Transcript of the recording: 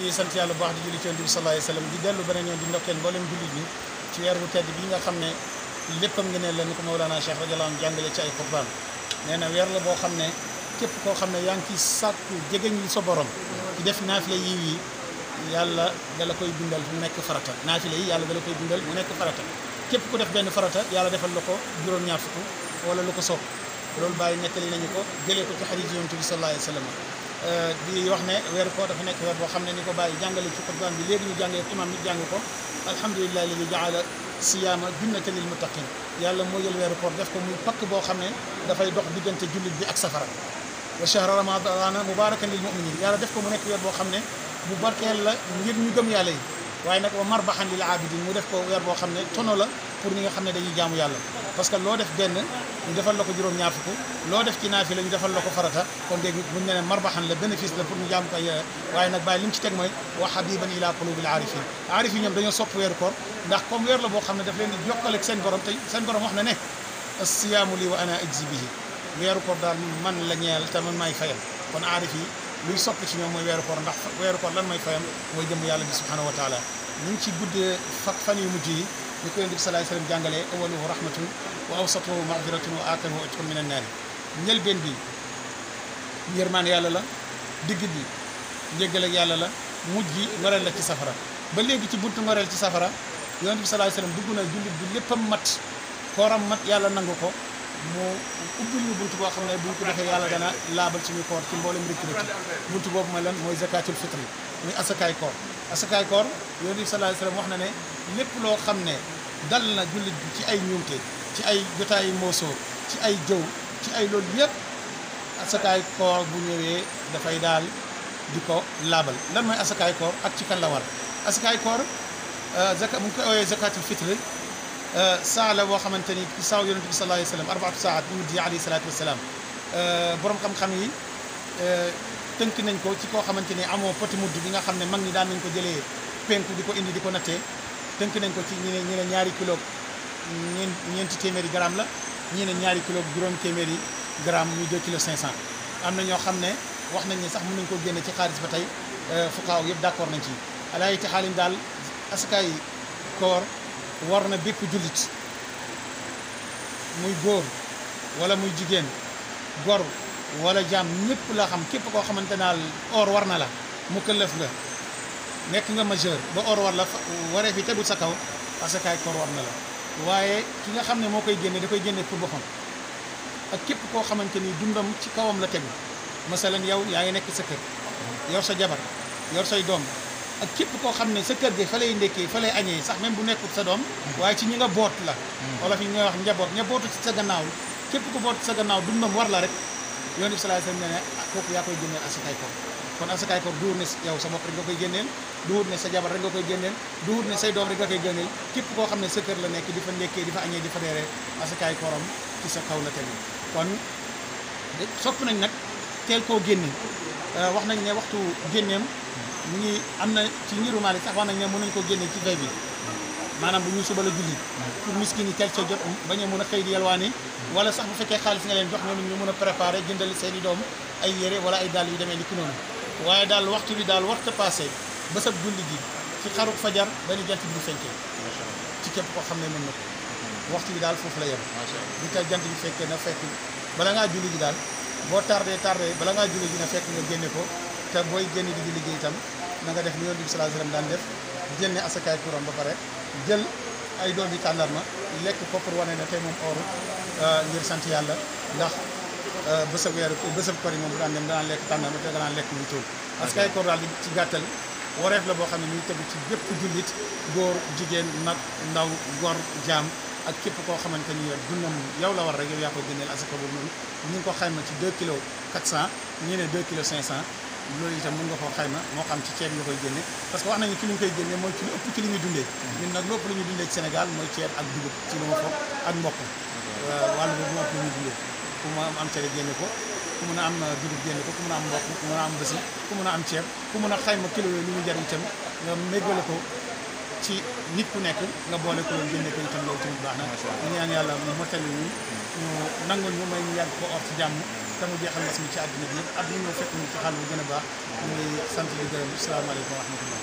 di sant yàlla bu baax di julli ci Yonent bi sallallahu alayhi di dellu beneen yoon di ndokkeel mboolem jullit ñi ci weer bu tedd bi nga xam ne léppam nga ne la ni ko Mawlana Cheikh radiyallahu anhu jàngale ci ay xutbaam nee na weer la boo xam ne képp koo xam ne yaa ngi ciy sàkku jegeñ li sa borom di def naafila yiw yi yàlla dala koy bindal mu nekk farata naafila yi yàlla dala koy bindal mu nekk farata képp ku def benn farata yàlla defal la ko juróom-ñaar fukk wala lu ko soog loolu bàyyi nettali nañu ko jëlee ko ci xadiis Yonent bi sallallahu alayhi di wax ne weeru koor dafa nekk weer boo xam ne ni ko bàyyi jàngale ci xutbaan bi léegi ñu jàngee imam mi jàng ko alhamdulilah li jaala siyaama junnatan lil muttaqin yàlla moo jël weeru koor def ko muy pakk boo xam ne dafay dox diggante jullit bi ak safara wa shahra ramadana mubarakan lil muminin yàlla def ko mu nekk weer boo xam ne bu barkeel la ngir ñu gëm yàlla yi waaye nag wa marbahan lil abidin mu def ko weer boo xam ne tono la pour ñi nga xam ne dañuy jaamu yàlla parce que loo def benn ñu defal la ko juróom-ñaar fukk loo def ci naafi la ñu defal la ko farata kon dégg buñ ne ne marbaxan la bénéfice la pour ñu jaamu ko yàlla waaye nag bàyyi li mu ci teg mooy wa habiban ila qulubil arifin arif yi ñoom dañoo sopp weeru koor ndax comme weer la boo xam ne daf leen di jokkale ak seen borom te seen borom wax na ne asiyaamu li wa ana ajzi bihi weeru koor daal man la ñeel te man maay fayal kon aarif yi luy sopp ci ñoom mooy weeru koor ndax weeru koor lan mooy fayam mooy jëm yàlla bi subhanahu wa taala ñu ngi ci guddee fa fan yu mujj yi ni ko yonent bi salaay sallam jàngalee awaluhu rahmatun wa awsatuhu maghfiratun wa aakhiruhu itqun min annaar njëlbeen bi yërmaan yàlla la digg bi njéggal yàlla la mujj gi ngoreel la ci safara ba léegi ci bunt ngoreel ci safara yonent bi salaay sallam dugg na jullit bi léppam mat kooram mat yàlla nangu ko mu ubbil ñu xam ne buñ ko defee yàlla dana laabal ci mboolem rëkk-rëkk buntu lan mooy zakatul salaay wax na ne lépp loo xam ne dal na jullit bi ci ay ñuute ci ay jotaayu moosoo ci ay jëw ci ay loolu yëpp asakaay koor bu ñëwee dafay daal di ko laabal lan mooy asakaay koor ak ci kan la war asakaay koor euh, zaka mu ngi koy ooyee zakatul fitre euh, saa la boo xamante ni ci saaw yonente bi sallallahu alayhi wa sallam arbaatu saat bi mu di euh, borom xam-xam yi tënk nañ ko ci koo xamante ni amoo poti mudd bi nga xam ne mag ñi daan nañ ko jëlee penku di ko indi di ko nattee tënk nañ ko ci ñi ne ñi ne ñaari kilo ñeent ñeenti téeméeri gramme la ñi ne ñaari kilo juróom téeméeri gramme muy 2 kilo cent am na ñoo xam ne wax nañ ne sax mën nañ koo génne ci xaalis ba tey euh, fukkaaw yëpp d'accord nañ ci alaa yitti xaalin daal asakaay koor war na bépp jullit muy góor wala muy jigéen gor walla jaam ñëpp la xam képp koo xamante naal or war na la mu këllëf nga nekk nga majeur ba or war la waree fi tegul sa kaw que koor war na la waaye ki nga xam ne moo koy génne da koy génne pour boppam ak képp koo xamante ni dundam ci kawam la tegu masalan yow yaa ngi nekk sa kër yor sa jabar yor say doom ak képp koo xam ne sa kër gi fa lay ndekkee fa lay añee sax même bu nekkul sa doom waaye ci ñi nga boot la wala fi nga wax njaboot njabootu ci sa gannaaw képp ku boot ci sa gannaaw dundam war la rek yoon bi sallallahu alayhi wasallam ne ne ah kooku yaa koy génne asakaay koor kon asakaay koor duur ne yow sa bopp rek nga koy génneel duur ne sa jabar rek nga koy génneel duur ne say doom rek képp koo xam ne sa kër la nekk di fa nekkee di fa añee di fa reeree asakaay kooram ci sa kaw la tegu kon sopp nañ nag teel koo génne euh, wax nañ ne waxtu génneem mu ngi am na ci ngiru Maalik sax wax nañ ne mën nañ koo génne ci veille bi maanaam bu ñu suba la julli pour miskin yi teel ca jot bañ a mën a xëy di yalwaani wala sax bu fekkee xaalis nga leen jox ñoom ñu mën a préparé jëndal seen i doom ay wala ay dàll yu demee ni ki noonu waaye daal waxtu bi daal warta passé bésab julli ji ci xaruk fajar ba ni jant bu di fenkee ci képp koo xam ne mën na ko waxtu bi daal foofu la yem bi ka jant bi fekkee na fekk bala ngaa julli ji daal boo tardé tardé bala ngaa julli ji na fekk nga génne ko te booy génn di julli ji itam na nga def ni Yonent bi sallallahu alayhi wasallam daan def génne asakaay kuram ba pare jël ay doom yi tàndarma lekk ko pour wane ne tey moom ooru euh, ngir sant yàlla ndax Euh, bésab weeru bésab kori moom bu daan dem danaan lekk tànn te danaan lekk muy tuur parce que ay koor daal ci gàttal wareef la boo xam ne ñuy tegu ci bépp jullit góor jigéen nag ndaw gor jaam ak képp koo xamante ni dundam yow la yow yaa koy génneel asaka boobu noonu ñu ngi ko xayma ci 2 ne 2 kilos 500 loolu itam mën nga koo xayma moo xam ci ceeb nga koy génne parce que wax nañu ci li ñu koy génne mooy ci lu ëpp ci li ñu dundee ñun nag lu ëpp lu ñu dundee ci Sénégal mooy ceeb ak dugub ci lu ma foog ak mboq euh, wàllu boobu moo ëpp lu ñu dundee ku mën a am cere génne ko ku mën a am dugub génne ko ku mën a am mboq ku mën a am bési ku mën a am ceeb ku mën a xayma kilo yooyu lu mu jar itam nga méggale ko ci nit ku nekk nga boole ko loolu génne ko itam loolu baax na ñu ñaan yàlla mu mottali ñu ñu nangul ñu may ñu yàgg ko or ci jàmm te mu jeexal mbas mi ci àddina bi yëpp at ñu ñoo fekk ñu ci xàll gën a baax ñu ngi sant di gërëm salaamaaleykum wa rahmatullah